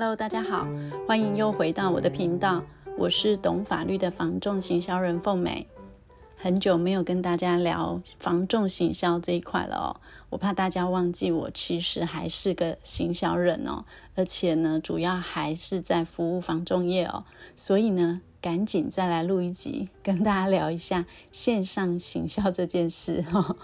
Hello，大家好，歡迎又回到我的頻道。我是懂法律的房仲行銷人鳳美。很久沒有跟大家聊房仲行銷這一塊了哦，我怕大家忘記，我其實還是個行銷人哦，而且呢，主要還是在服務房仲業哦。所以呢，趕緊再來錄一集，跟大家聊一下線上行銷這件事哦。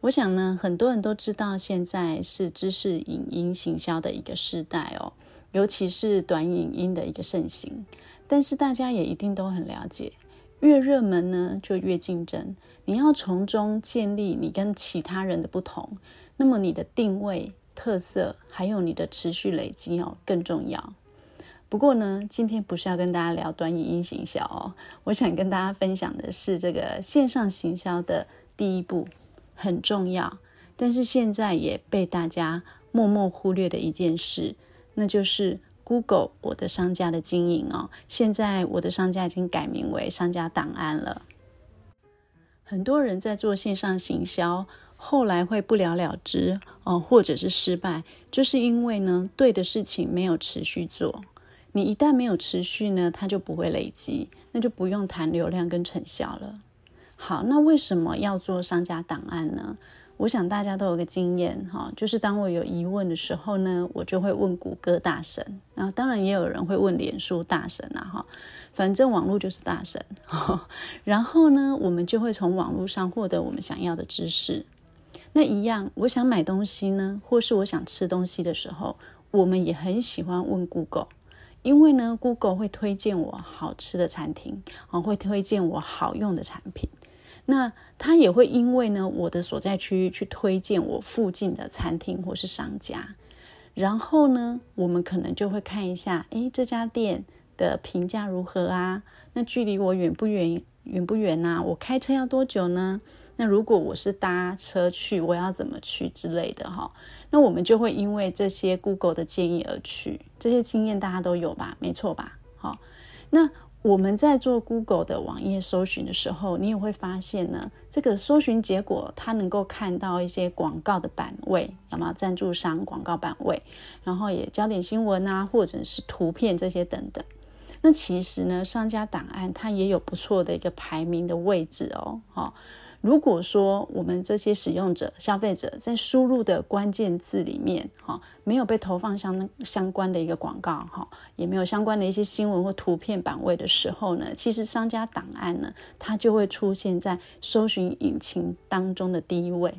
我想呢，很多人都知道現在是知識影音行銷的一個時代哦。尤其是短影音的一個盛行，但是大家也一定都很了解，越熱門呢就越競爭。你要從中建立你跟其他人的不同，那麼你的定位、特色，還有你的持續累積哦，更重要。不過呢，今天不是要跟大家聊短影音行銷哦，我想跟大家分享的是這個線上行銷的第一步很重要，但是現在也被大家默默忽略的一件事。那就是 Google 我的商家的經營哦，現在我的商家已經改名為商家檔案了。很多人在做線上行銷，後來會不了了之哦、呃，或者是失敗，就是因為呢，對的事情沒有持續做。你一旦沒有持續呢，它就不會累積，那就不用談流量跟成效了。好，那為什麼要做商家檔案呢？我想大家都有個經驗哈，就是當我有疑問的時候呢，我就會問谷歌大神，然後當然也有人會問臉書大神啊哈，反正網絡就是大神。然後呢，我們就會從網絡上獲得我們想要的知識。那一樣，我想買東西呢，或是我想吃東西的時候，我們也很喜歡問 Google，因為呢，Google 會推薦我好吃的餐廳啊，會推薦我好用的產品。那他也會因為呢，我的所在區域去推薦我附近的餐廳或是商家，然後呢，我們可能就會看一下，哎，這家店的評價如何啊？那距離我遠不遠？遠不遠啊？我開車要多久呢？那如果我是搭車去，我要怎麼去之類的哈、哦？那我們就會因為這些 Google 的建議而去，這些經驗大家都有吧？沒錯吧？好，那。我們在做 Google 的網頁搜尋的時候，你也會發現呢，這個搜尋結果它能夠看到一些廣告的版位，有沒有贊助商廣告版位，然後也焦點新聞啊，或者是圖片這些等等。那其實呢，商家檔案它也有不錯的一個排名的位置哦，哦。如果說我們這些使用者、消費者在輸入的關鍵字裡面，哈，沒有被投放相相關的一個廣告，哈，也沒有相關的一些新聞或圖片版位的時候呢，其實商家檔案呢，它就會出現在搜尋引擎當中的第一位，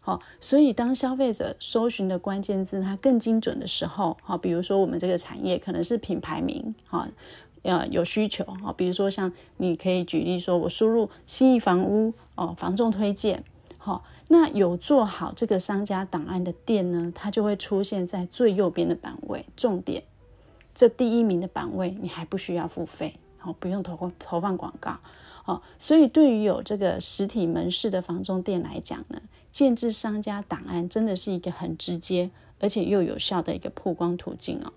好，所以當消費者搜尋的關鍵字它更精準的時候，哈，比如說我們這個產業可能是品牌名，哈。呃，有需求，比如說像你可以舉例說，我輸入信義房屋哦，房仲推薦、哦，那有做好這個商家檔案的店呢，它就會出現在最右邊的版位，重點這第一名的版位，你還不需要付費，哦、不用投投放廣告、哦，所以對於有這個實體門市的房仲店來講呢，建置商家檔案真的是一個很直接而且又有效的一個曝光途徑哦。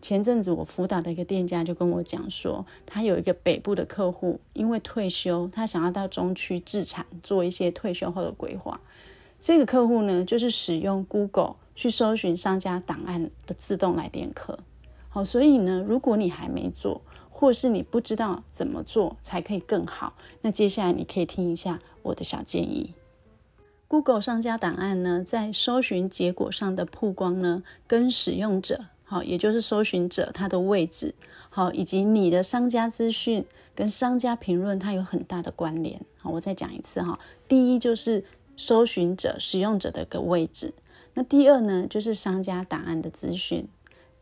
前陣子，我輔導的一個店家就跟我講說，他有一個北部的客戶，因為退休，他想要到中區置產，做一些退休後的規劃。這個客戶呢，就是使用 Google 去搜尋商家檔案的自動來電客。好，所以呢，如果你還沒做，或是你不知道怎麼做才可以更好，那接下來你可以聽一下我的小建議。Google 商家檔案呢，在搜尋結果上的曝光呢，跟使用者。好，也就是搜尋者他的位置，好，以及你的商家資訊跟商家評論，它有很大的關聯。好，我再講一次哈，第一就是搜尋者使用者的一個位置，那第二呢就是商家檔案的資訊，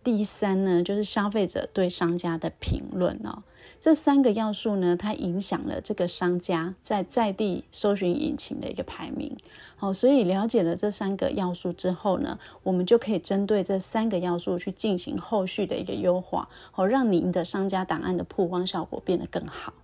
第三呢就是消費者對商家的評論哦。這三個要素呢，它影響了這個商家在在地搜尋引擎的一個排名。好、哦，所以了解了這三個要素之後呢，我們就可以針對這三個要素去進行後續的一個優化，好、哦，讓您的商家檔案的曝光效果變得更好。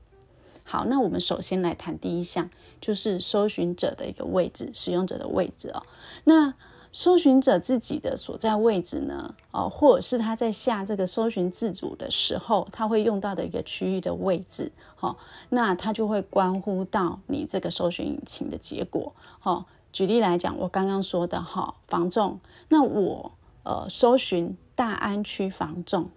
好，那我們首先來談第一項，就是搜尋者的一個位置，使用者的位置哦。那搜尋者自己的所在位置呢，哦、呃，或者是他在下這個搜尋字組的時候，他會用到的一個區域的位置。好、哦，那他就會關乎到你這個搜尋引擎的結果。好、哦，舉例來講，我剛剛說的，好、哦、房仲，那我呃搜尋大安區房仲，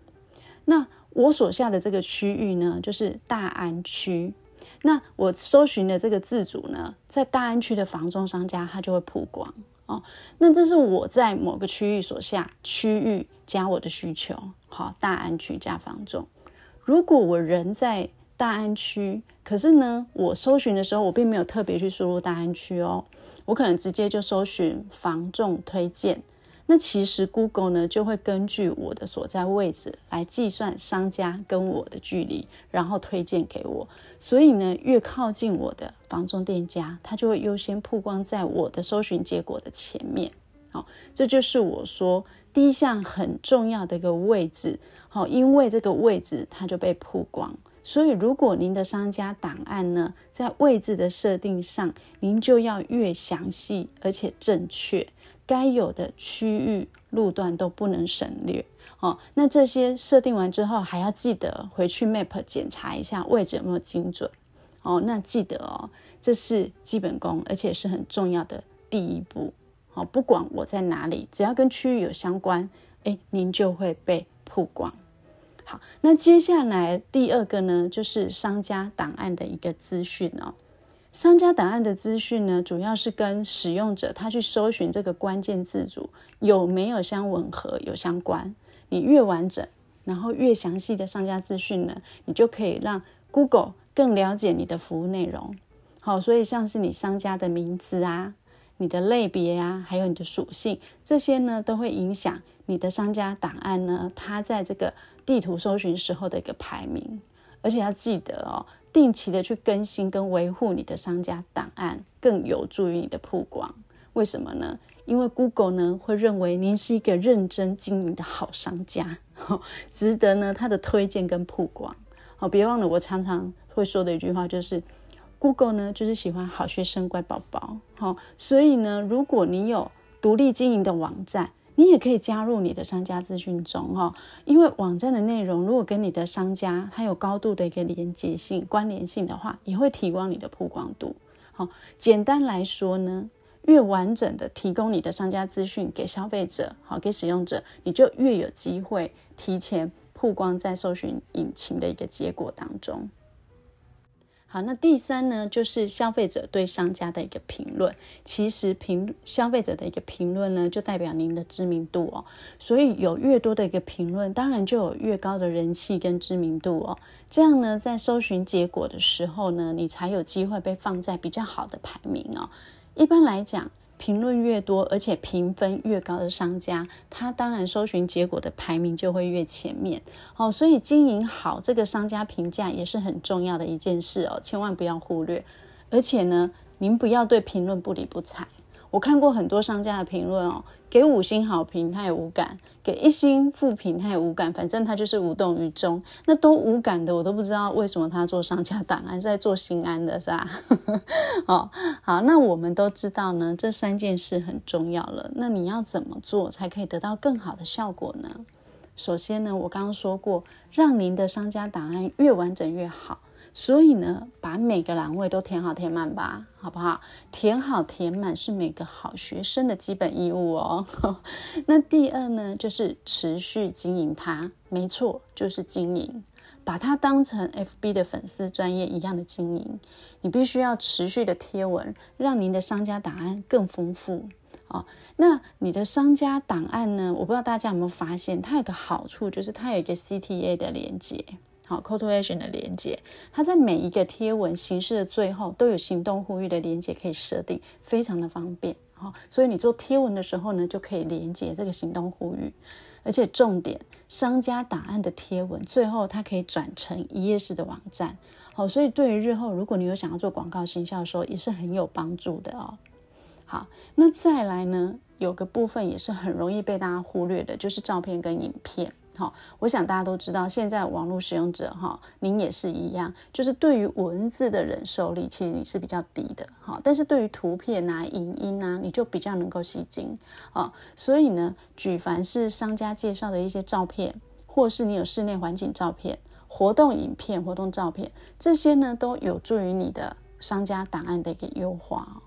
那我所下的這個區域呢，就是大安區。那我搜尋的這個字組呢，在大安區的房仲商家，它就會曝光。哦，那這是我在某個區域所下區域加我的需求，好，大安區加房仲。如果我人在大安區，可是呢，我搜尋的時候我並沒有特別去輸入大安區哦，我可能直接就搜尋房仲推薦。那其實 Google 呢，就會根據我的所在位置來計算商家跟我的距離，然後推薦給我。所以呢，越靠近我的房仲店家，它就會優先曝光在我的搜尋結果的前面。好，哦，這就是我說第一項很重要的一個位置。好，哦，因為這個位置它就被曝光。所以，如果您的商家檔案呢，在位置的設定上，您就要越詳細而且正確。該有的區域路段都不能省略哦。那這些設定完之後，還要記得回去 Map 檢查一下位置有沒有精準哦。那記得哦，這是基本功，而且是很重要的第一步哦。不管我在哪裡，只要跟區域有相關，誒，您就會被曝光。好，那接下來第二個呢，就是商家檔案的一個資訊哦。商家檔案的資訊呢，主要是跟使用者他去搜尋這個關鍵字組有沒有相吻合、有相關。你越完整，然後越詳細的商家資訊呢，你就可以讓 Google 更了解你的服務內容。好，所以像是你商家的名字啊、你的類別啊，還有你的屬性，這些呢都會影響你的商家檔案呢，它在這個地圖搜尋時候的一個排名。而且要記得哦。定期的去更新跟維護你的商家檔案，更有助於你的曝光。為什麼呢？因為 Google 呢會認為您是一個認真經營的好商家，好，值得呢他的推薦跟曝光。好，別忘了我常常會說的一句話就是，Google 呢就是喜歡好學生乖寶寶。好，所以呢，如果你有獨立經營的網站。你也可以加入你的商家資訊中哦，因為網站的內容如果跟你的商家它有高度的一個連接性、關聯性的話，也會提高你的曝光度。好，簡單來說呢，越完整的提供你的商家資訊給消費者，好，給使用者，你就越有機會提前曝光在搜尋引擎的一個結果當中。好，那第三呢，就是消費者對商家的一個評論。其實評消費者的一個評論呢，就代表您的知名度哦。所以有越多的一個評論，當然就有越高的人氣跟知名度哦。這樣呢，在搜尋結果的時候呢，你才有機會被放在比較好的排名哦。一般來講，評論越多，而且評分越高的商家，他當然搜尋結果的排名就會越前面哦。所以經營好這個商家評價也是很重要的一件事哦，千萬不要忽略。而且呢，您不要對評論不理不睬。我看過很多商家的評論哦。給五星好評，他也無感；給一星負評，他也無感。反正他就是無動於衷。那都無感的，我都不知道為什麼他做商家檔案是在做心安的，是吧？ 哦，好，那我們都知道呢，這三件事很重要了。那你要怎麼做才可以得到更好的效果呢？首先呢，我剛剛說過，讓您的商家檔案越完整越好。所以呢，把每個欄位都填好填滿吧，好不好？填好填滿是每個好學生的基本義務哦。 那第二呢，就是持續經營它，沒錯，就是經營，把它當成 FB 的粉絲專頁一樣的經營。你必須要持續的貼文，讓您的商家檔案更豐富哦，那你的商家檔案呢？我不知道大家有沒有發現，它有個好處，就是它有一個 CTA 的連結。好 Call to Action 的連接，它在每一個貼文形式的最後都有行動呼籲的連接可以設定，非常的方便。好、哦，所以你做貼文的時候呢，就可以連接這個行動呼籲。而且重點，商家檔案的貼文最後它可以轉成一頁式的網站。好、哦，所以對於日後如果你有想要做廣告行銷的時候，也是很有幫助的哦。好，那再來呢，有個部分也是很容易被大家忽略的，就是照片跟影片。好、哦，我想大家都知道，現在網絡使用者哈、哦，您也是一樣，就是對於文字的忍受力其實你是比較低的，好、哦，但是對於圖片啊、影音啊，你就比較能夠吸睛啊、哦。所以呢，舉凡是商家介紹的一些照片，或是你有室內環境照片、活動影片、活動照片，這些呢都有助於你的商家檔案的一個優化、哦。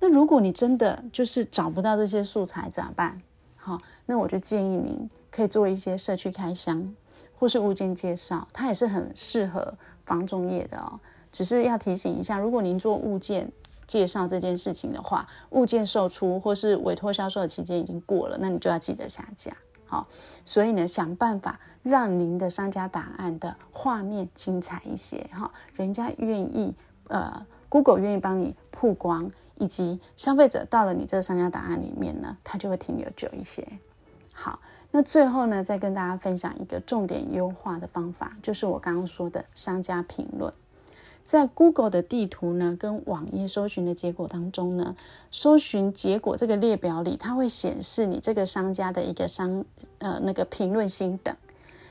那如果你真的就是找不到這些素材，咋辦？好、哦。那我就建議您可以做一些社區開箱，或是物件介紹，它也是很適合房仲業的哦。只是要提醒一下，如果您做物件介紹這件事情的話，物件售出或是委託銷售的期間已經過了，那你就要記得下架。好、哦，所以呢，想辦法讓您的商家檔案的畫面精彩一些哈、哦，人家願意呃，Google 願意幫你曝光，以及消費者到了你這個商家檔案裡面呢，他就會停留久一些。好，那最後呢，再跟大家分享一個重點優化的方法，就是我剛剛說的商家評論，在 Google 的地圖呢跟網頁搜尋的結果當中呢，搜尋結果這個列表裡，它會顯示你這個商家的一個商呃那個評論星等，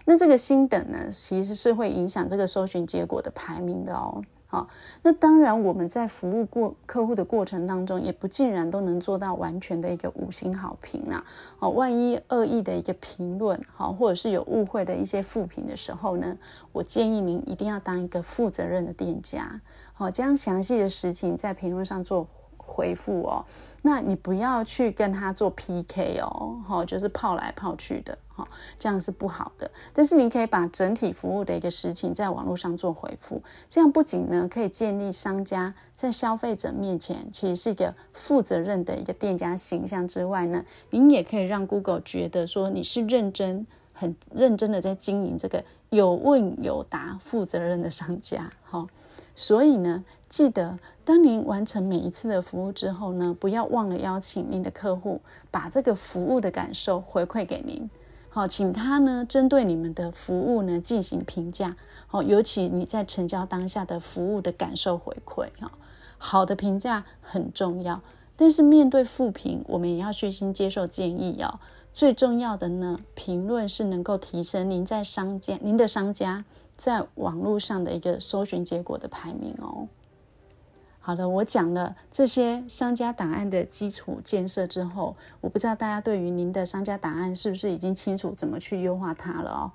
那這個星等呢，其實是會影響這個搜尋結果的排名的哦。哦、那當然我們在服務過客戶的過程當中，也不盡然都能做到完全的一個五星好評啦、啊。哦，萬一惡意的一個評論、哦，或者是有誤會的一些負評的時候呢，我建議您一定要當一個負責任的店家，哦，將詳細的事情在評論上做回復哦。那你不要去跟他做 PK 哦，哦就是泡來泡去的。好，這樣是不好的。但是您可以把整體服務的一個事情在網絡上做回復，這樣不僅呢可以建立商家在消費者面前其實是一個負責任的一個店家形象之外呢，您也可以讓 Google 覺得說你是認真、很認真的在經營這個有問有答、負責任的商家。好、哦，所以呢，記得當您完成每一次的服務之後呢，不要忘了邀請您的客戶把這個服務的感受回饋給您。好，請他呢針對你們的服務呢進行評價。好，尤其你在成交當下的服務的感受回饋。哈，好的評價很重要，但是面對負評，我們也要虛心接受建議。哦，最重要的呢，評論是能夠提升您在商家、您的商家在網絡上的一個搜尋結果的排名。哦。好的，我講了這些商家檔案的基礎建設之後，我不知道大家對於您的商家檔案是不是已經清楚怎麼去優化它了哦？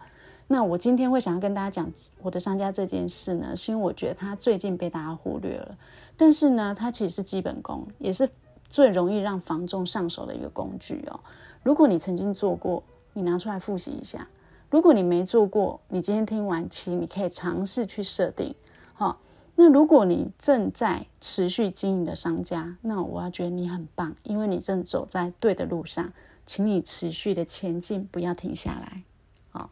那我今天會想要跟大家講我的商家這件事呢，是因為我覺得它最近被大家忽略了，但是呢，它其實是基本功，也是最容易讓房仲上手的一個工具哦。如果你曾經做過，你拿出來複習一下；如果你沒做過，你今天聽完，期，你可以嘗試去設定，好、哦。那如果你正在持續經營的商家，那我要覺得你很棒，因為你正走在對的路上，請你持續的前進，不要停下來。好，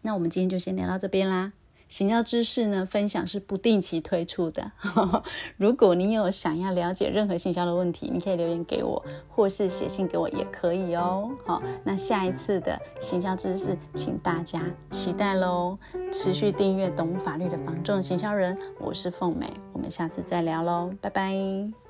那我們今天就先聊到這邊啦。行銷知識呢，分享是不定期推出的呵呵。如果你有想要了解任何行銷的問題，你可以留言給我，或是寫信給我也可以哦。好、哦，那下一次的行銷知識，請大家期待嘍。持續訂閱懂法律的房仲行銷人，我是鳳美，我們下次再聊嘍，拜拜。